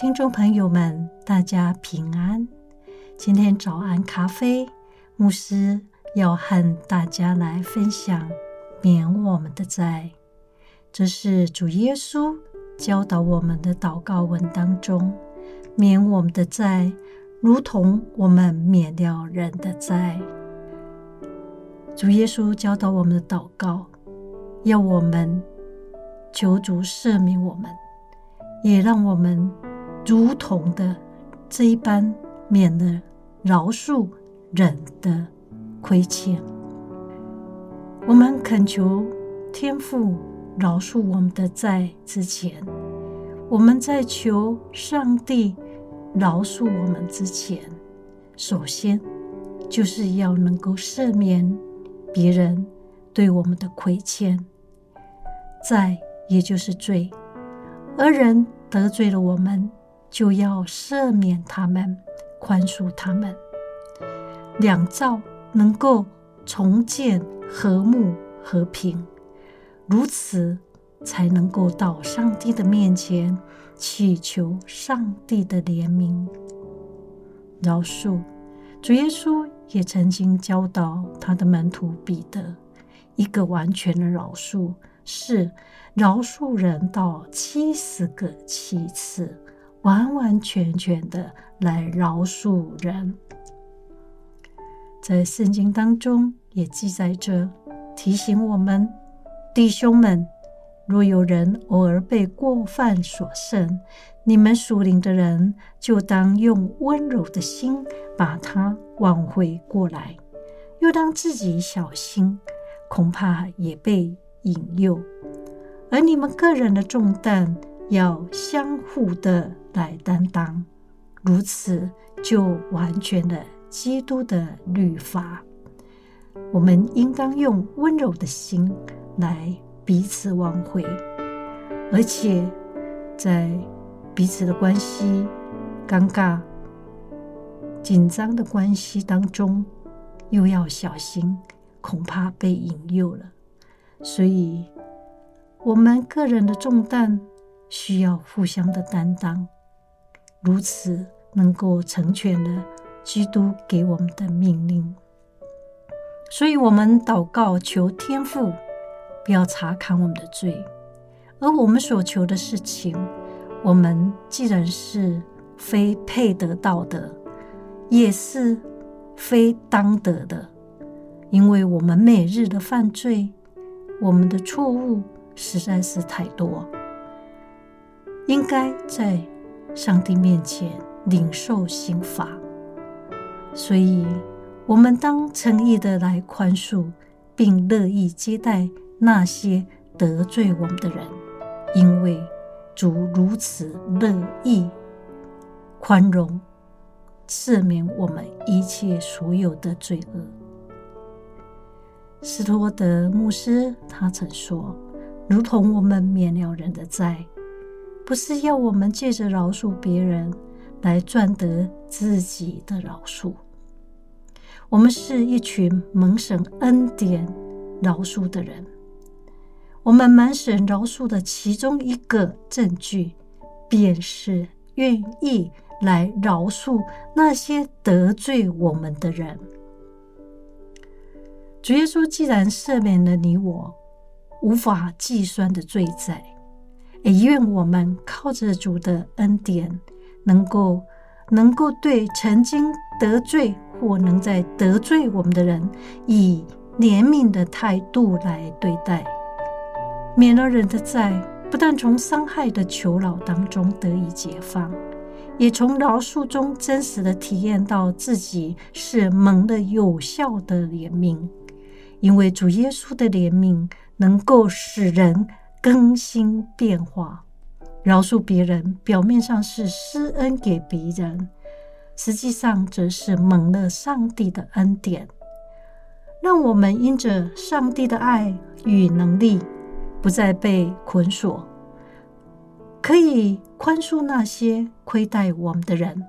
聽眾朋友們，大家平安。今天早安咖啡，牧師要和大家來分享免我們的債。這是主耶穌教導我們的禱告文當中，免我們的債，如同我們免了人的債。主耶穌教導我們的禱告，要我們求主赦免我們，也讓我們。如同的這一般，免了饒恕人的虧欠。我們懇求天父饒恕我們的債之前，我們在求上帝饒恕我們之前，首先就是要能夠赦免別人對我們的虧欠。債也就是罪，而人得罪了我們，就要赦免他們，寬恕他們，兩造能夠重建和睦和平，如此才能夠到上帝的面前祈求上帝的憐憫、饒恕。主耶穌也曾經教導他的門徒彼得，一個完全的饒恕是饒恕人到七十個七次。完完全全的來饒恕人，在聖經當中也記載着，提醒我們弟兄們：若有人偶爾被過犯所勝，你們屬靈的人就當用溫柔的心把他挽回過來；又當自己小心，恐怕也被引誘。而你們個人的重擔，要相互的來擔當，如此就完全了基督的律法。我們應當用溫柔的心來彼此挽回，而且在彼此的關係尷尬、緊張的關係當中，又要小心，恐怕被引誘了。所以，我們個人的重擔。需要互相的擔當，如此能夠成全了基督給我們的命令。所以，我們禱告求天父不要查看我們的罪，而我們所求的事情，我們既然是非配得到的，也是非當得的，因為我們每日的犯罪，我們的錯誤實在是太多。應該在上帝面前領受刑罰，所以，我們當誠意的來寬恕，並樂意接待那些得罪我們的人，因為主如此樂意寬容赦免我們一切所有的罪惡。斯托德牧師他曾說：“如同我們免了人的債。”不是要我們借着饒恕別人來賺得自己的饒恕。我們是一群蒙神恩典饒恕的人。我們蒙神饒恕的其中一個證據，便是願意來饒恕那些得罪我們的人。主耶穌既然赦免了你我無法計算的罪債。也願我們靠着主的恩典，能夠能夠對曾經得罪或能再得罪我們的人，以憐憫的態度來對待，免了人的債，不但從傷害的囚牢當中得以解放，也從饒恕中真實地體驗到自己是蒙的有效的憐憫，因為主耶穌的憐憫能夠使人。更新變化，饒恕別人，表面上是施恩給別人，實際上則是蒙了上帝的恩典，讓我們因着上帝的愛與能力，不再被捆鎖，可以寬恕那些虧待我們的人，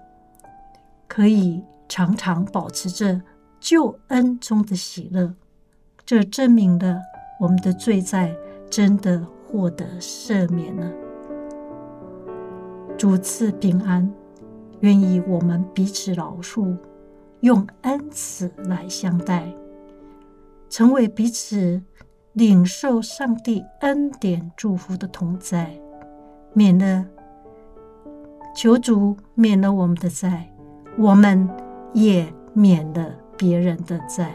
可以常常保持着救恩中的喜樂，這證明了我們的罪債真的。獲得赦免了，主賜平安，願意我們彼此饒恕，用恩慈來相待，成為彼此領受上帝恩典祝福的同在，免了，求主免了我們的債，我們也免了別人的債。